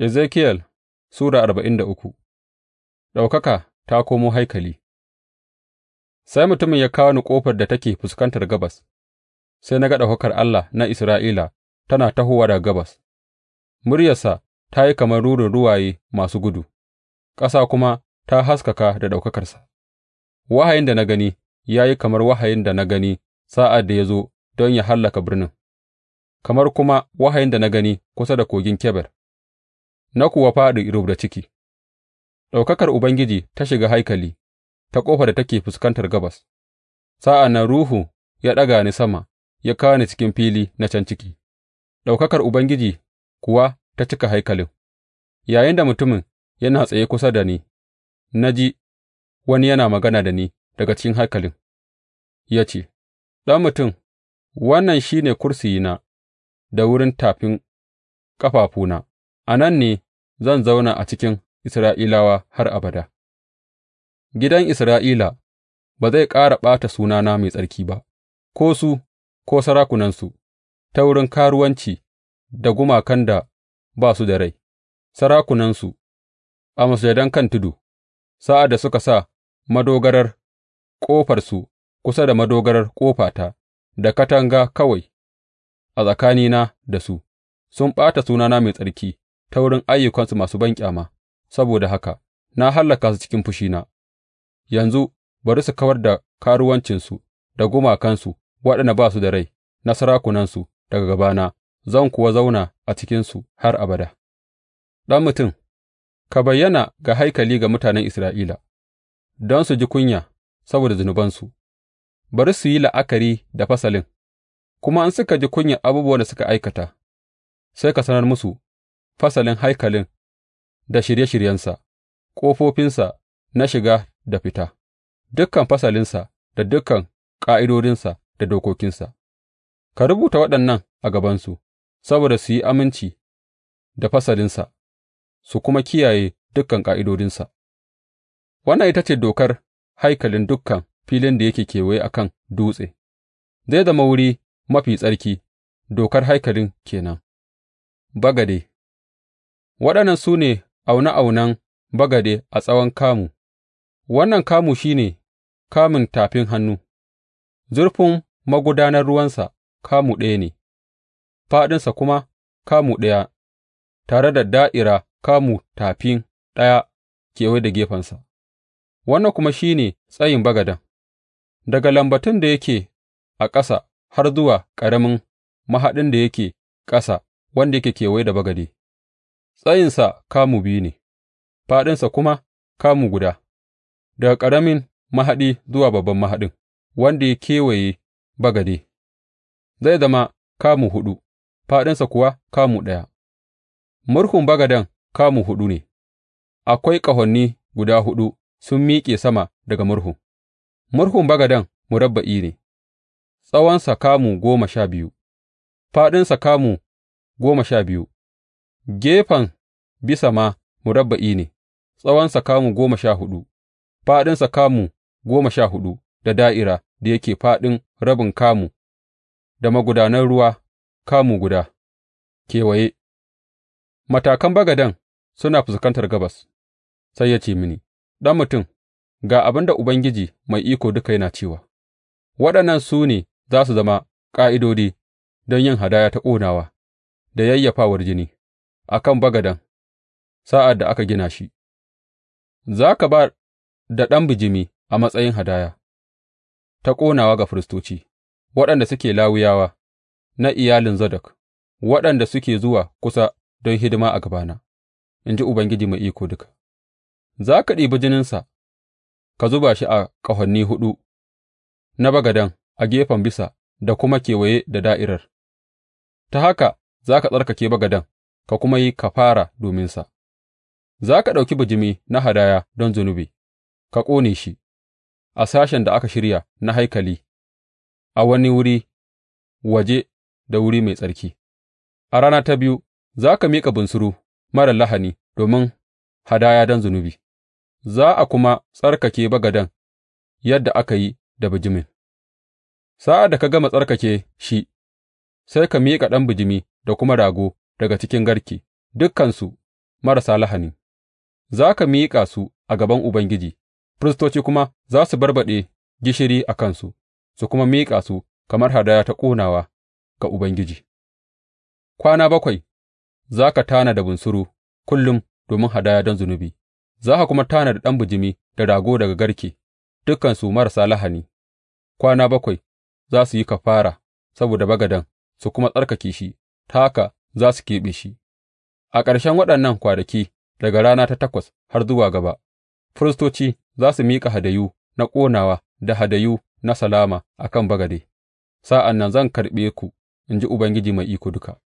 Ezekiyel Sura arba'in da uku Ɗaukaka ta komo haikali Sai mutumin ya kawo ni ƙofar da take fuskantar gabas, sai na ga ɗaukakar Allah na Isra'ila tana tahowa daga gabas, muryarsa ta yi kamar rurin ruwaye masu gudu, ƙasa kuma ta haskaka da ɗaukakarsa. Wahayin da na gani ya yi kamar wahayin da na gani sa'ad da ya zo don ya hallaka birnin, kamar kuma wahayin da na gani kusa da kogin Kebar. na kuwa fāɗi rubda ciki, ɗaukakar Ubangiji ta shiga haikali ta ƙofar da take fuskantar gabas, sa'an nan Ruhu ya ɗaga ni sama ya kawo ni cikin fili na can ciki, ɗaukakar Ubangiji kuwa ta cika haikalin, Yayin da mutumin yana tsaye kusa da ni, na ji wani yana magana da ni daga cikin haikalin, ya ce, Ɗan mutum, wannan shi ne kursiyina da wurin tafin ƙafafuna, a nan ne zan zauna a cikin Isra'ilawa har abada, gidan Isra'ila ba zai ƙara ɓata sunana mai tsarki ba, ko su, ko sarakunansu, ta wurin karuwanci da gumakan da ba su da rai, sarakunansu a masujadan kan tudu, sa'ad da suka sa madogarar ƙofarsu kusa da madogarar ƙofata da katanga kawai a tsakanina da su, sun ɓata sunana mai tsarki. ta wurin ayyukansu masu banƙyama, saboda haka na hallaka su cikin fushina, yanzu bari su kawar da karuwancinsu da gumakansu waɗanda ba su da rai na sarakunansu daga gabana, zan kuwa zauna a cikinsu har abada. Ɗan mutum, ka bayyana ga haikali ga mutanen Isra'ila, don su ji kunya saboda zunubansu, bari su yi la'akari da fasalin, kuma in suka ji kunya abubuwan da suka aikata, sai ka sanar musu fasalin haikalin da shirye shiryensa, ƙofofinsa na shiga da fita, dukan fasalinsa da dukan ƙa'idodinsa da dokokinsa, ka rubuta waɗannan a gabansu, saboda su yi aminci da fasalinsa, su kuma kiyaye dukan ƙa'idodinsa. Wannan ita ce dokar haikalin dukan filin da yake kewaye a kan dutse, zai zama wuri mafi tsarki, dokar haikalin kenan. Bagade. Waɗannan su ne aune aunen bagade a tsawon kamu, wannan kamu shi ne kamun tafin hannu, zurfin magudanar ruwansa kamu ɗaya ne, fāɗinsa kuma kamu ɗaya, tare da da'ira kamu tafin ɗaya kewaye da gefensa, wannan kuma shi ne tsayin bagaden, daga lambatun da yake a ƙasa har zuwa ƙaramin mahaɗin da yake ƙasa wanda yake kewaye da bagade. Tsayinsa kamu biyu ne, fāɗinsa kuma kamu guda, daga ƙaramin mahaɗi zuwa babban mahaɗin wanda ya kewaye bagade, zai zama kamu huɗu, fāɗinsa kuwa kamu ɗaya, murhun bagaden kamu huɗu ne, akwai ƙahoni guda huɗu sun miƙe sama daga murhun, murhun bagaden murabba'i ne, tsawonsa kamu goma sha biyu, fāɗinsa kamu goma sha biyu. gefen bisa ma murabba'i ne, tsawonsa kamu goma sha huɗu, fāɗinsa kamu goma sha huɗu da da'ira da yake fāɗin rabin kamu da magudanan ruwa kamu guda kewaye, matakan bagaden suna fuskantar gabas, sai ya ce mini, Ɗan mutum, ga abin da Ubangiji Mai Iko Duka yana cewa, Waɗannan su ne za su zama ƙa'idodi don yin hadaya ta ƙonawa da yayyafawar jini. a kan bagaden sa'ad da aka gina shi, za ka ba da ɗan bijimi a matsayin hadaya ta ƙonawa ga firistoci, waɗanda suke lawuyawa, na iyalin Zadok, waɗanda suke zuwa kusa don hidima a gabana, in ji Ubangiji Mai Iko Duka. Za ka ɗibi jininsa, ka zuba shi a ƙahonni huɗu na bagadan a gefen bisa da kuma kewaye da da'irar, ta haka za ka tsarkake bagadan. ka kuma yi kafara dominsa, za ka ɗauki bijimi na hadaya don zunubi ka ƙone shi a sashen da aka shirya na haikali a wani wuri waje da wuri mai tsarki, a rana ta biyu za ka miƙa bunsuru marar lahani domin hadaya don zunubi, za a kuma tsarkake bagaden yadda aka yi da bijimin. Sa'ad da ka gama tsarkake shi, sai ka miƙa ɗan bijimi da kuma rago daga cikin garke, dukansu marasa lahani, za ka miƙa su a gaban Ubangiji, firistoci kuma za su barbaɗe gishiri a kansu, su kuma miƙa su kamar hadaya ta ƙonawa ga Ubangiji. Kwana bakwai za ka tana da bunsuru kullum domin hadaya don zunubi, za ka kuma tana da ɗan bijimi da rago daga garke, dukansu marasa lahani, kwana bakwai za su yi kafara saboda bagadan su kuma tsarkake shi, ta haka za su keɓe shi, a ƙarshen waɗannan kwanaki daga rana ta takwas har zuwa gaba, firistoci za su miƙa hadayu na ƙonawa da hadayu na salama a kan bagade, sa'an nan zan karɓe ku, in ji Ubangiji Mai Iko Duka.